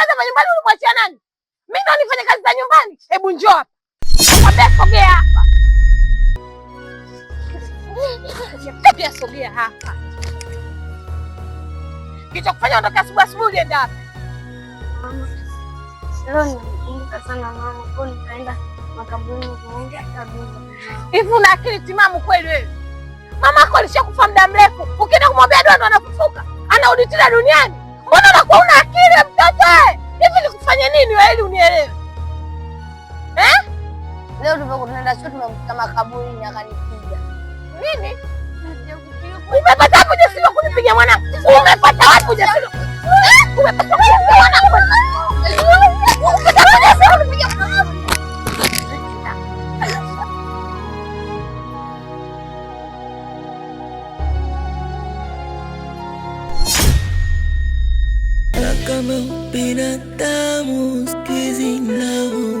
kazi za nyumbani ulimwachia nani? Mimi ndo nifanye kazi za nyumbani? Hebu njoo hapa. Nakwambia sogea hapa. Nakwambia sogea hapa. Kicho kufanya ondoke asubuhi asubuhi ulienda hapa. Leo nimekumbuka sana mama, kwa nikaenda makaburi kuongea kabisa. Hivi una akili timamu kweli wewe? Mama yako alishakufa muda mrefu. Ukienda kumwambia doa ndo anafufuka. Anarudi tena duniani. Mbona unakuwa una akili? mimi wewe unielewe eh? Leo tulivyokuwa tunaenda shule kaburi makaburini akanipiga mimi. Umepata wapi ujasiri wa kunipiga mwanangu? Umepata wapi ujasiri? Eh? Umepata amor, pena estamos que sin amor.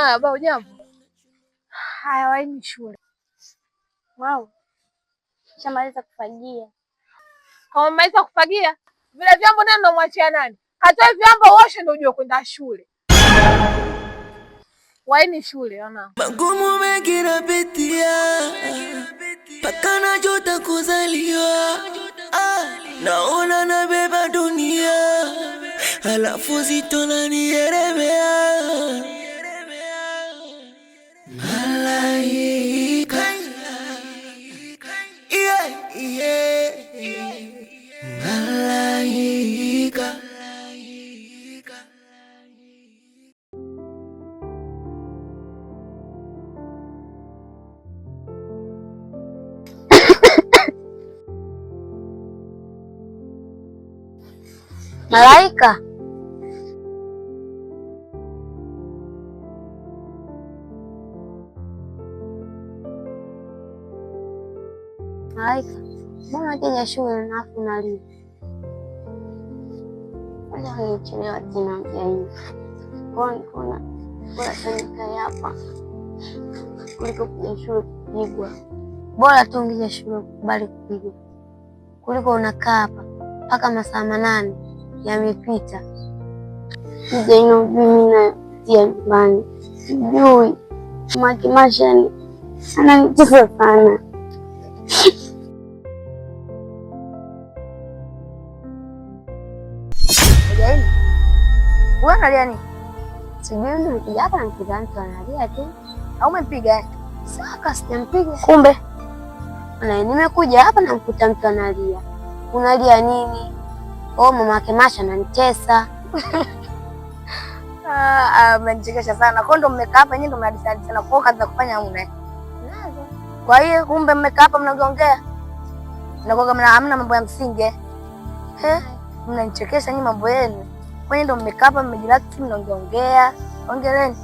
Baba ujambo? Haya, waini shule wao shamaliza kufagia. Kama maliza kufagia vile vyombo, nani namwachia nani? Katoe vyombo woshe, ndio ujue kwenda shule. Waini shule ona, magumu mengi napitia mpaka juta kuzaliwa. Ah, naona nabeba dunia halafu zito nierebea. いいかいいえいえならいいかマライカ。Malaika, mbona nakuja shule na afu nalipa? Kwanza nimechelewa tena mpya hivi. Kwa nikona bora sana kae hapa kuliko kuja shule kupigwa. Bora tu ngija shule kubali kupigwa kuliko unakaa hapa mpaka masaa manane yamepita, ina ijainajuminatia nyumbani sijui makimasha ananicheza sana unalia nini? Sijui mtu nikuja hapa nikuta mtu analia tu. Au umempiga? Saka sijampiga. Kumbe. Na nimekuja hapa na mkuta mtu analia. Unalia nini? Oh, mama yake Masha ananitesa. Ah, amenichekesha sana. Kwa ndo mmekaa hapa nyinyi ndo mnadisadi sana. Kwa kazi za kufanya hamna. Kwa hiyo kumbe mmekaa hapa mnaongea. Na kwa kama hamna mambo ya msingi. Eh? Mnanichekesha nyinyi mambo yenu kwani ndo mmekaa hapa mmejilaki, mnaongeongea ongeleni.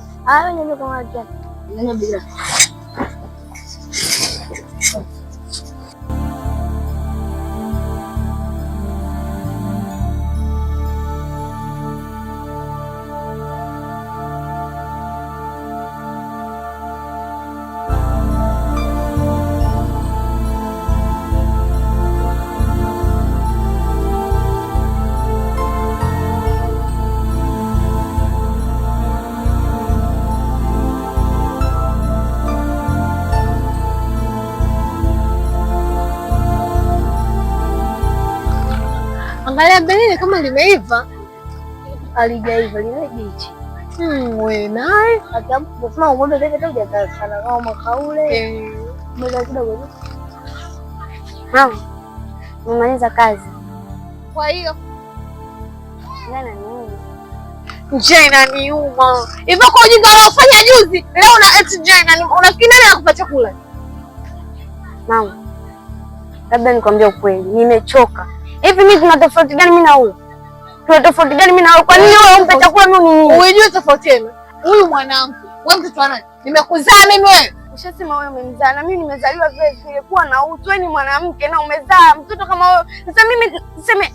niangalie kama limeiva. Alijaiva lile jicho. Hmm, wewe naye ng'ombe zake tu sana kama kazi. Kwa hiyo jana nini? Njaa inaniuma. Hivyo kwa ujinga uliofanya juzi, leo una eti njaa inaniuma. Unafikiri nani anakupa chakula? Mama, labda nikwambia ukweli, nimechoka. Hivi mimi tuna tofauti gani mimi na huyo? Tuna tofauti gani mimi na huyo? Kwa nini wewe umpe chakula mimi nini? Unijue tofauti yenu. Huyu mwanangu, wewe mtoto wangu, Nimekuzaa mimi wewe. Ushasema wewe umemzaa na mimi nimezaliwa vile vile kuwa na utu. Wewe ni mwanamke na umezaa mtoto kama wewe. Sasa mimi niseme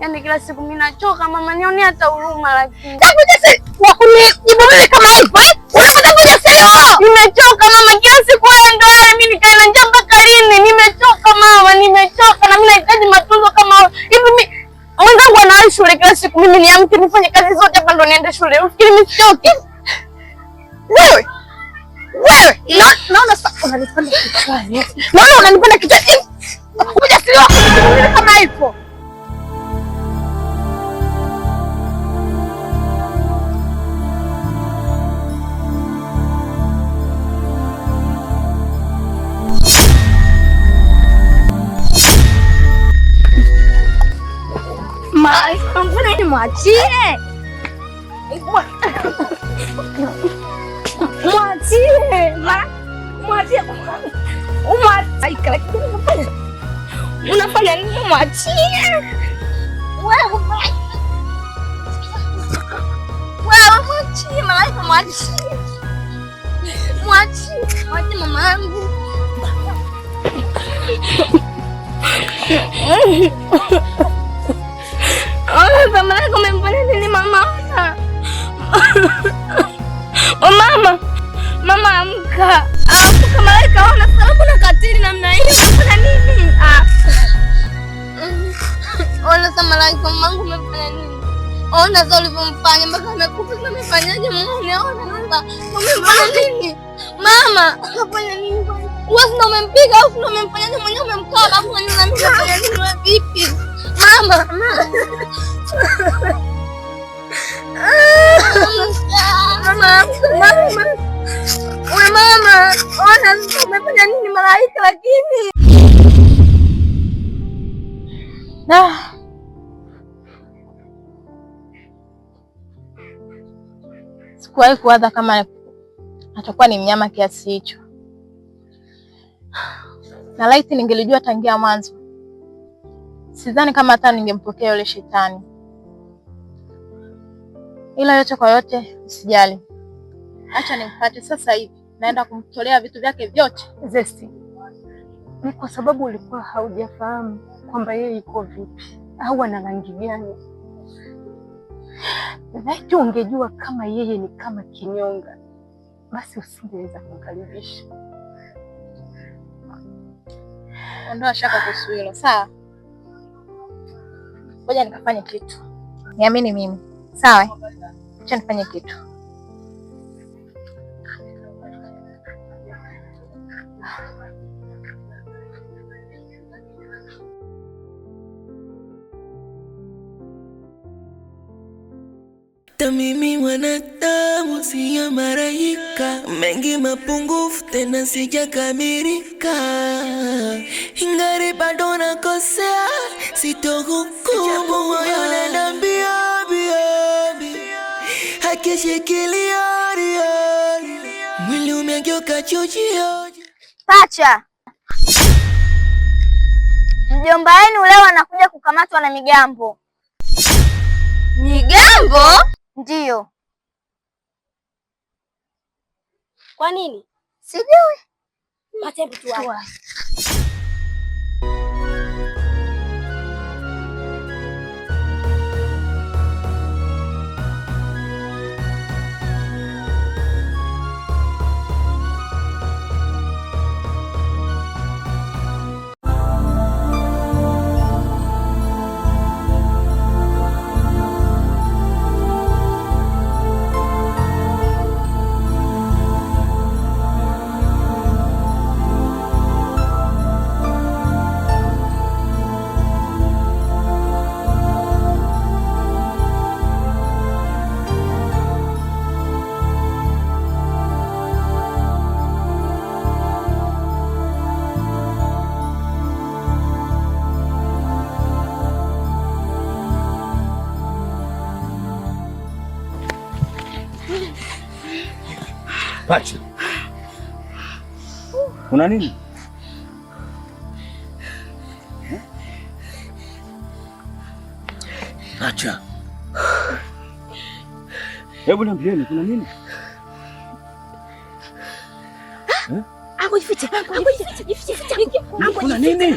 yaani kila siku mimi nachoka mama, nionee hata huruma lakini. Hebu sasa wakunijibu mimi kama hivyo eh? Unakuja kuja sasa. Nimechoka mama. mama, nimechoka na mimi nahitaji matunzo kama hivi. Mwenzangu anaishi shule kila siku, mimi niamke nifanye kazi zote hapa ndo niende shule. Unafikiri mimi sichoki? Wewe wewe, naona unanipanda kichwani, naona unanipanda kichwani. Ujasiri wako kama ipo Mbona ni mwachie, mwachie, mwachie, unafanya nini? Mwachie mwachie, Malaika, mwachie, mwachie, mwachie mama yangu. Baba yako amemfanya nini mama? O oh, mama, mama amka. Alafu kama wewe kaona salamu na katili namna hiyo, unafanya nini? Ah. Ona samalaika mama yangu amemfanya nini? Ona zao ulivyomfanya mpaka amekufa, sasa umefanyaje mama? Ona mama, umemfanya nini? Mama, unafanya nini? Wewe ndio umempiga au ndio umemfanyaje mwenyewe umemkaba au ndio unafanya nini vipi? Mama, mama. Mama, mama, ona umefanya nini malaika? Lakini Sikuwahi kuwadha kama atakuwa ni mnyama kiasi hicho, na laiti ningelijua tangia mwanzo, sidhani kama hata ningempokea yule shetani ila yote kwa yote, usijali, acha nimpate sasa hivi. Naenda kumtolea vitu vyake vyote. Zesti, ni kwa sababu ulikuwa haujafahamu kwamba yeye iko vipi au ana rangi gani, laiti ungejua kama yeye ni kama kinyonga, basi usingeweza kumkaribisha. Ondoa shaka kuhusu hilo, sawa? Ngoja nikafanye kitu, niamini mimi, sawa? Acha nifanye kitu. Mimi mwanadamu siya maraika, mengi mapungufu tena sijakamilika, ingari bado nakosea, sitohukumu moyo unaniambia mwili umegeuka chujio. Pacha, mjomba wenu leo anakuja kukamatwa na migambo. Migambo? Ndiyo. Kwa nini? Sijui. Pacha, kuna nini? Pacha, hebu niambieni, kuna nini? Angu angu kuna nini?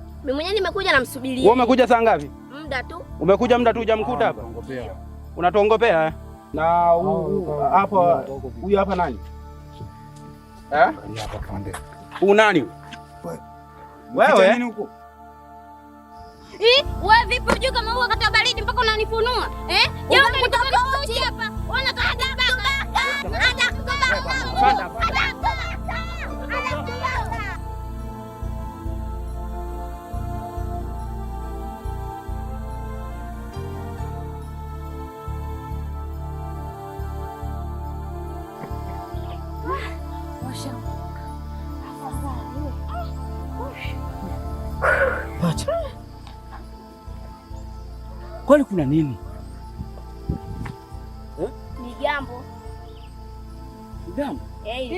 Mimi mwenyewe nimekuja namsubiria. Wewe umekuja saa ngapi? Muda tu. Umekuja muda tu hujamkuta hapa. Unatuongopea eh? na ah, hapa huyu hapa nani? Eh? Hapa pande. Huyu nani? Wewe. Eh? Nini huko? Eh, wewe vipi unajua kama wakati wa baridi mpaka unanifunua? Eh? Jana umetoka uchi hapa. Ona kama baba. Hata kubaka. Hata kubaka. Hata kweli kuna nini migambo eh? Ni jambo jambo eh,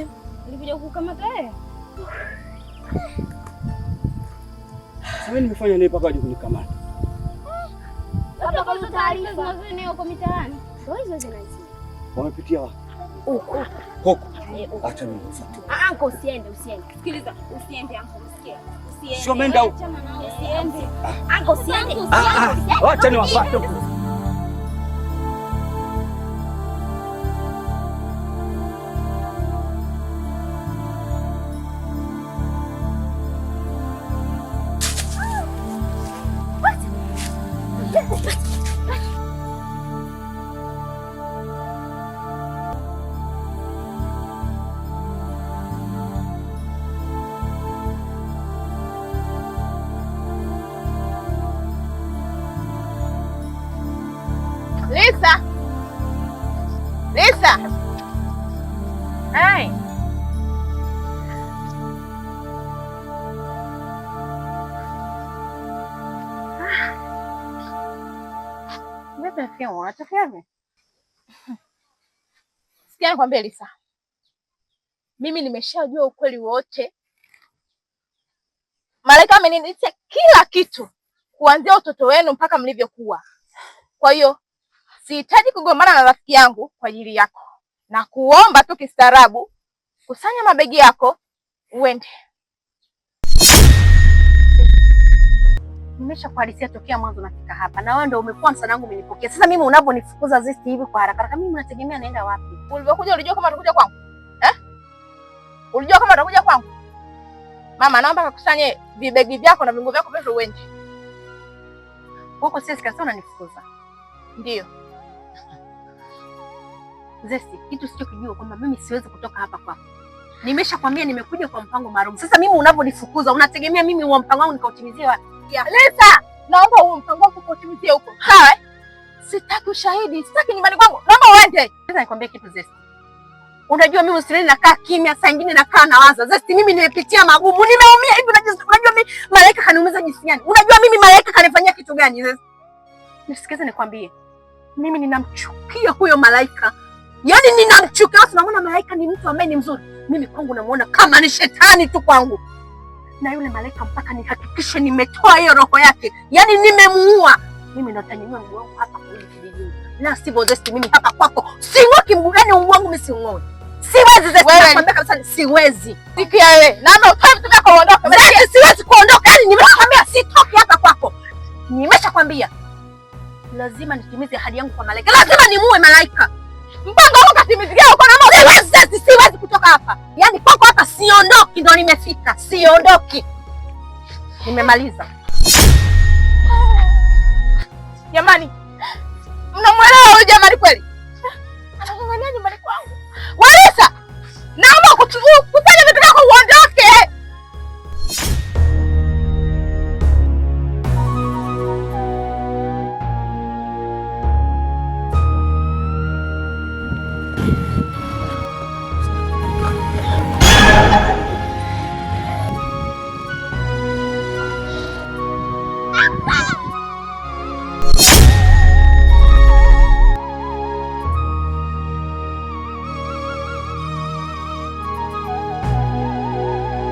eh, nilikuja kukamata wewe. Sasa nimefanya nini mpaka waje kunikamata? Wamepitia wapi? Oh, oh. Eh, oh. Acha mimi nifuate. Ah, anko ah, usiende, usiende. Sikiliza, usiende anko, usikia? Usiende. Sio menda. Eh, usiende. Anko ah. ah, usiende. Acha niwafuate. mapema unatokea. Sikia nikwambie Lisa, mimi nimeshajua ukweli wote. Malaika ameniita kila kitu kuanzia utoto wenu mpaka mlivyokuwa. Kwa hiyo sihitaji kugombana na rafiki yangu kwa ajili yako, na kuomba tu kistaarabu, kusanya mabegi yako uende. nimeshakuhadithia tokea mwanzo nafika hapa na wewe ndio umekuwa msaada wangu, umenipokea. Sasa mimi unaponifukuza zisti hivi kwa haraka haraka, mimi unategemea naenda wapi? Ulivyokuja ulijua kama utakuja kwangu eh? Ulijua kama utakuja kwangu? Mama, naomba kukusanye vibegi vyako na vingo vyako vyote uende huko. Sisi kasa unanifukuza ndio zesti, kitu kijua kwamba mimi siwezi kutoka hapa kwako. Nimeshakwambia nimekuja kwa mpango maalum. Sasa mimi unavyonifukuza, unategemea mimi wa mpango wangu nikautimizie wapi? kukupigia. Lesa, naomba huo mpango wako ukutimizie huko. Hai. Sitaki ushahidi, sitaki nyumbani kwangu. Naomba uende. Sasa nikwambie kitu Zesti. Unajua mimi usilini nakaa kimya, saa nyingine nakaa nawaza. Zesti, mimi nimepitia magumu, nimeumia hivi unajua, unajua mimi malaika kaniumiza jinsi gani? Unajua mimi malaika kanifanyia kitu gani Zesti? Nisikize nikwambie. Mimi ninamchukia huyo malaika. Yaani ninamchukia. Sasa unaona malaika ni mtu ambaye ni mzuri. Mimi kwangu namuona kama ni shetani tu kwangu na yule malaika mpaka nihakikishe nimetoa hiyo roho yake, yaani nimemuua mimi. Ndo nitanyanyua mguu wangu hapa kwa kijijini, na si Zesti, mimi hapa kwako sing'oki mguu gani mguu wangu mimi sing'oki. Siwezi Zesti, nakwambia kabisa siwezi. Sikia wewe, naomba utoe vitu vyako uondoke. Zesti, siwezi kuondoka, yaani nimeshakwambia sitoki hapa kwako, nimeshakwambia lazima nitimize ahadi yangu kwa malaika, lazima nimuue malaika. Mbongo huko katimizigao kwa namna ya lazeti, siwezi kutoka hapa. Yaani poko hapa siondoki, ndo nimefika, siondoki. Nimemaliza. Jamani, mnamwelewa huyu jamani kweli? Anang'ang'ania nyumbani kwangu. Walisa, naomba kutuvuku